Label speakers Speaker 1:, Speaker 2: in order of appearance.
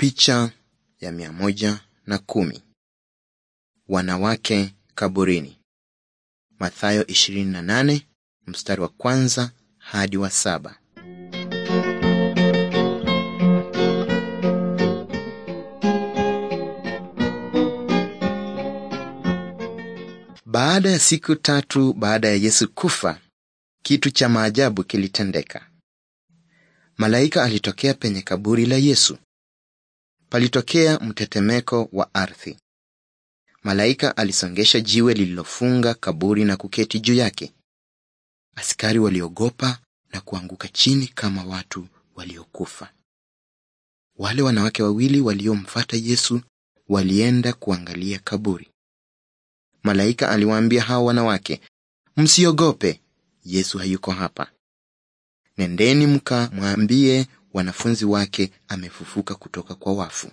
Speaker 1: Picha ya mia moja na kumi. Wanawake kaburini. Mathayo 28 mstari wa kwanza hadi wa saba. Baada ya siku tatu baada ya Yesu kufa, kitu cha maajabu kilitendeka. Malaika alitokea penye kaburi la Yesu. Palitokea mtetemeko wa ardhi. Malaika alisongesha jiwe lililofunga kaburi na kuketi juu yake. Askari waliogopa na kuanguka chini kama watu waliokufa. Wale wanawake wawili waliomfuata Yesu walienda kuangalia kaburi. Malaika aliwaambia hao wanawake, msiogope, Yesu hayuko hapa. Nendeni mkamwambie wanafunzi wake amefufuka kutoka kwa
Speaker 2: wafu.